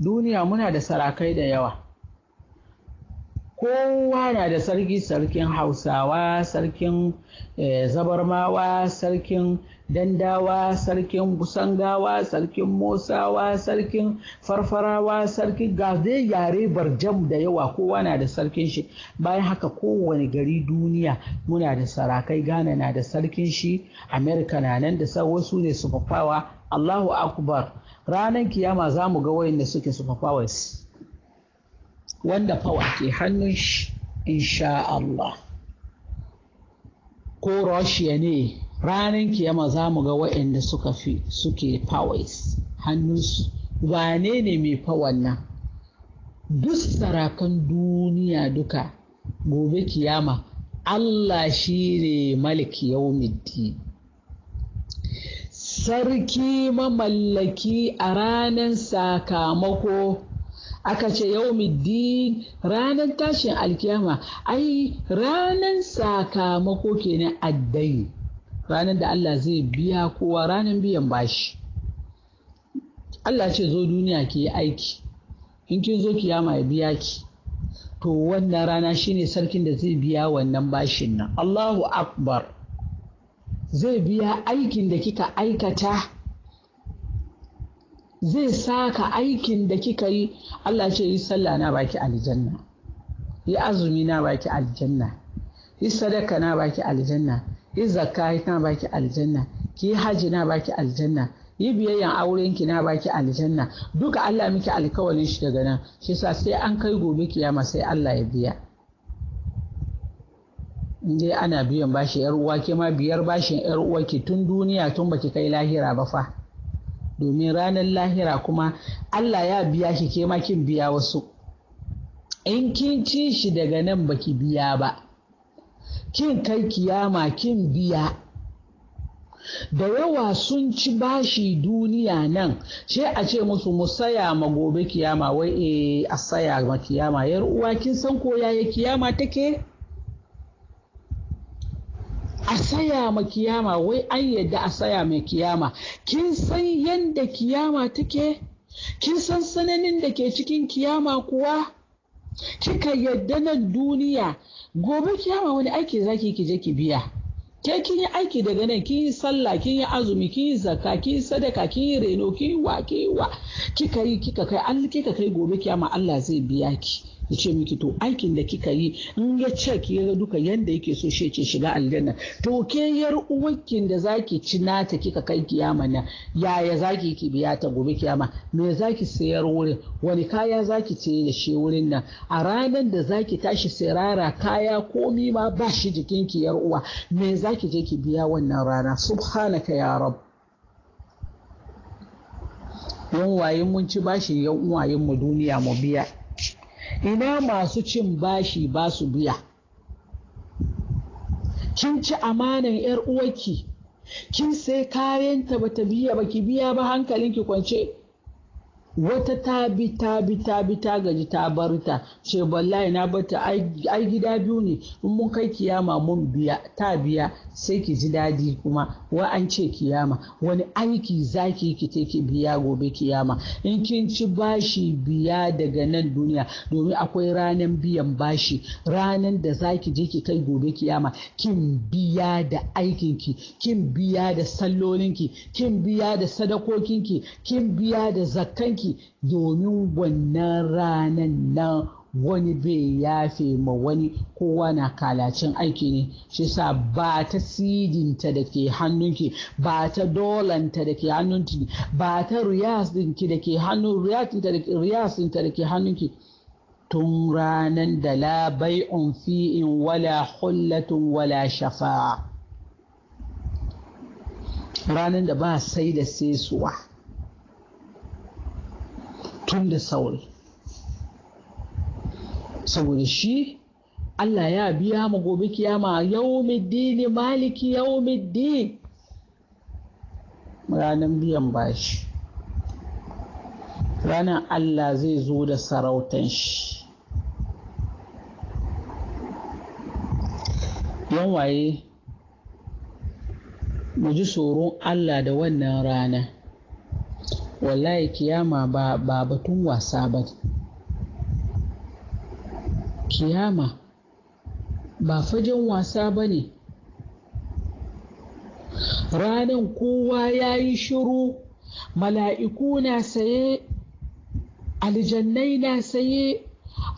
duniya muna da sarakai da yawa kowa na da sarki sarkin hausawa sarkin eh, zabarmawa sarkin dandawa sarkin busangawa sarkin mosawa sarkin farfarawa sarkin ga zai yare barjam da yawa kowa na da sarkin shi bayan haka kowane gari duniya muna da sarakai ghana na da sarkin shi america na nan da wasu ne su fafawa allahu akbar ranar kiyama za mu ga wayanda suke superpowers wanda fawa ke hannun shi insha Allah ko Russia ne ranar kiyama za mu ga wayanda suka fi suke powers Hannun su wane ne mai fawan nan duk sarakan duniya duka gobe kiyama Allah shi ne maliki yaumiddin sarki mamallaki a ranar sakamako aka ce yaumiddin ranar tashin alkiyama ai ranar sakamako kenan addai ranar da Allah zai biya kowa ranar biyan bashi Allah ce zo duniya ke aiki in kin zo kiyama ya biya ki to wannan rana shine sarkin da zai biya wannan bashin nan Allahu akbar zai biya aikin da kika aikata zai saka aikin da kika yi Allah ce yi sallah na baki aljanna yi azumi na baki aljanna yi sadaka na baki aljanna yi zakka na baki aljanna ki haji na baki aljanna yi biyayyan auren ki na baki aljanna duka Allah miki alkawarin shi daga nan shi sa sai an kai gobe kiyama sai Allah ya biya dai ana biyan bashi yar uwa ke ma biyar bashin yar uwa ke tun duniya tun baki kai lahira ba fa domin ranar lahira kuma Allah ya biya shi ke ma kin biya wasu in kin ci shi daga nan baki biya ba kin kai kiyama kin biya da yawa sun ci bashi duniya nan sai a ce musu mu saya ma gobe kiyama wai e a saya ma kiyama yar uwa kin san ko yaya kiyama take a saya ma kiyama wai an yadda a saya mai kiyama kin san yadda kiyama take kin san sananin da ke cikin kiyama kuwa kika yadda nan duniya gobe kiyama wani aiki zaki ki je ki biya ke kin yi aiki daga nan kin yi sallah kin yi azumi kin yi zakka kin yi sadaka kin yi reno kin yi wa kin yi wa kika yi kika kai an kika kai gobe kiyama Allah zai biya ki ya ce miki to aikin da kika yi in ya ce ki ya duka yanda yake so shi ce shiga aljanna to ke yar uwakin da zaki ci nata kika kai kiyama na yaya zaki ki biya ta gobe kiyama me zaki sayar wurin wani kaya zaki ce da shi wurin nan a ranar da zaki tashi sirara kaya komi ma ba shi jikin ki yar uwa me zaki je ki biya wannan rana subhanaka ya rab yan wayen mun ci bashi yan uwayen mu duniya mu biya ina masu cin bashi ba su biya kin ci amanan yar uwarki kin sai kayanta bata biya ba ki biya ba hankalinki kwance wata ta bi ta bi ta bi ta gaji ta bar ta ce wallahi na bata ai gida biyu ne in mun kai kiyama mun biya ta biya sai ki ji dadi kuma wa an ce kiyama wani aiki zaki ki ki biya gobe kiyama in kin ci bashi biya daga nan duniya domin akwai ranan biyan bashi ranan da zaki je ki kai gobe kiyama kin biya da aikinki kin biya da ki kin biya da ki kin biya da ki aiki domin wannan ranan nan wani bai yafe ma wani kowa na kalacin aiki ne shi sa ba ta sidinta da ke hannunki ba ta dolanta da ke hannunki ba ta riyasinta da ke hannun riyas da ke hannunki tun ranan da la bai'un fi'in wala hullatun wala shafa ranan da ba sai da sesuwa. tun da Saul. saboda shi Allah ya biya mu gobe kiyama yaumiddin maliki yaumiddin ranar biyan bashi ranar Allah zai zo da sarautan shi yan waye mu ji tsoron Allah da wannan rana wallahi kiyama ba, ba batun wasa ba kiyama ba fajen wasa bane. ne ranan kowa ya yi shiru mala'iku na saye aljannai na saye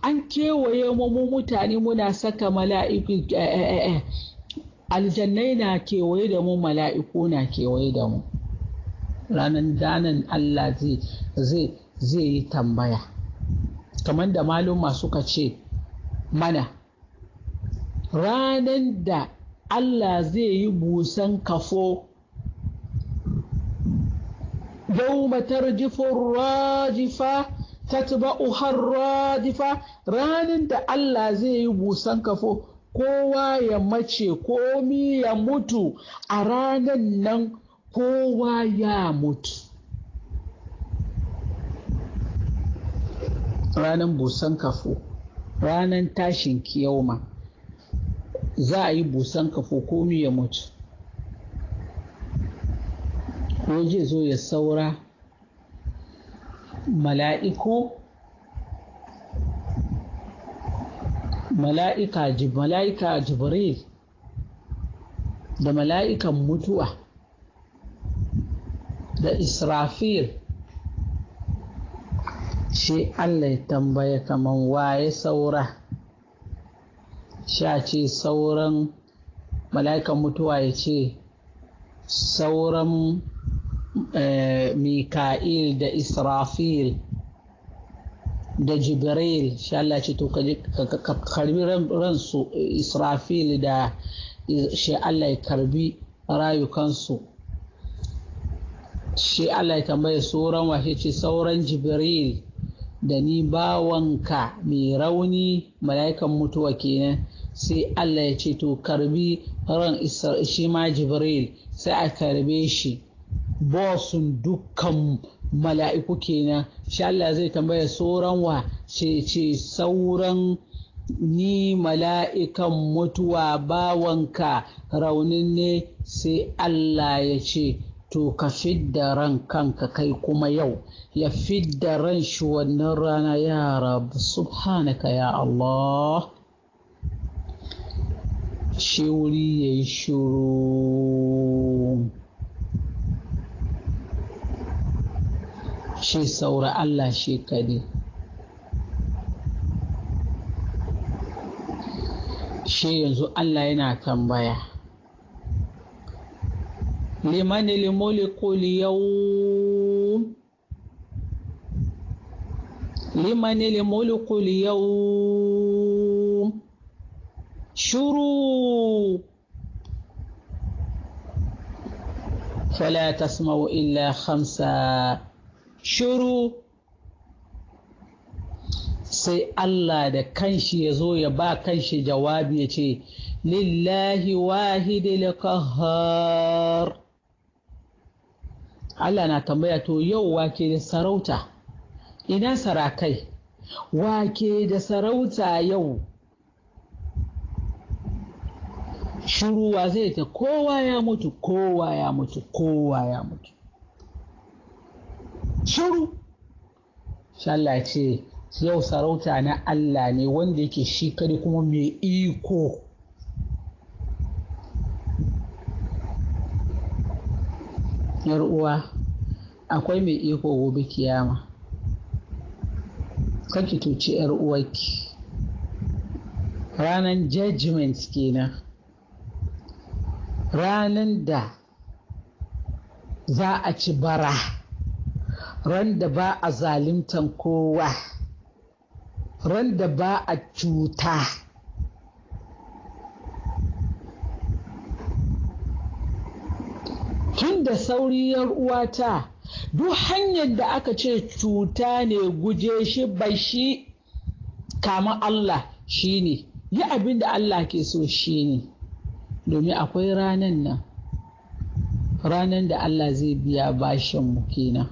an kewaye mu mutane muna saka mala'iku eh, eh, eh, aljannai na kewaye da mu mala'iku na kewaye da mu ranar danan Allah zai yi tambaya kamar da maluma suka ce mana ranar da Allah zai yi busan kafo yau matar jifin rajifa uhar rajifa ranin da Allah zai yi busan kafo kowa ya mace komi ya mutu a ranan nan kowa ya mutu Ranan busan kafo ranar tashin kiyauma za a yi busan kafo komi ya mutu ko zai zo ya saura mala'iko mala'ika a jibril da mala'ikan mutuwa da israfil shi allah ya tambaya kaman waye saura sha ce sauran mala'ikan mutuwa ya ce sauran eh, mika'il da israfil da jibril sha Allah ce to ka karbi ransu israfil da shi Allah ya karbi rayukansu shi Allah ya mai sauran washe ce sauran jibril da ni bawanka mai rauni mala'ikan mutuwa kenan sai Allah ya ce to karbi ran shi ma jibril sai a karbe shi bosun dukkan mala'iku kenan shi Allah zai tambaya sauran wa ce ce sauran ni mala'ikan mutuwa bawanka raunin ne sai Allah ya ce to ka fidda ran kanka kai kuma yau ya fidda ran shi wannan rana ya rabu subhanaka ya Allah shi wuri ya yi shuru shi saura Allah shi shi yanzu Allah yana tambaya لمن الملك اليوم لمن الملك اليوم شروا فلا تسمع إلا خمسة شروا sai Allah da kanshi ya zo ya ba kanshi jawabi ya ce lillahi wahidil qahhar Allah na tambaya to yau wake da sarauta ina sarakai wake da sarauta yau shuruwa zai ta kowa ya mutu kowa ya mutu kowa ya mutu shuru Allah ce yau sarauta na Allah ne wanda yake shi kare kuma mai iko yar uwa akwai mai iko gobe kiyama ki tuci yar uwarki ranan judgment kenan ranan da za a ci bara ran da ba a zalimtan kowa ran da ba a cuta da sauri yar uwata duk hanyar da aka ce cuta ne guje shi bai shi kama Allah shi ne yi abin da Allah ke so shi ne domin akwai ranan nan ranan da Allah zai biya bashin mu kenan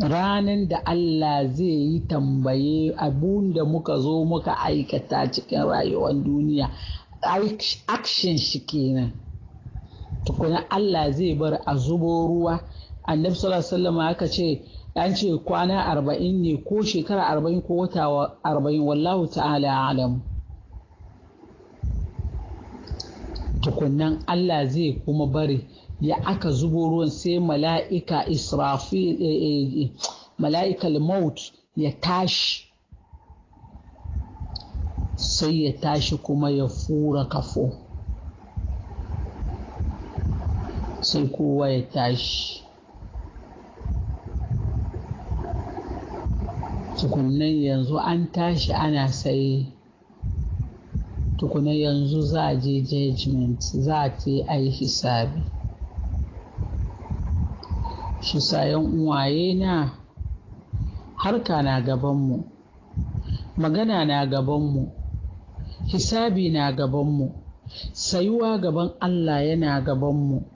ranan da Allah zai yi tambaye abun da muka zo muka aikata cikin rayuwar duniya action shi kenan tukuna Allah zai bar a zubo ruwa annabi sallallahu alaihi wasallam aka ce an ce kwana arba'in ne ko shekara arba'in ko wata arba'in wallahu ta'ala alam tukunan Allah zai kuma bari ya aka zubo ruwan sai mala'ika israfi eh, eh, eh, mala'ikal maut ya tashi sai ya tashi kuma ya fura kafo sai kowa ya tashi tukunan yanzu an tashi ana sai tukunan yanzu za a je judgment za a ce a yi hisabi shi sayan uwaye na harka na gabanmu magana na gabanmu hisabi na gabanmu sayuwa gaban allah yana gabanmu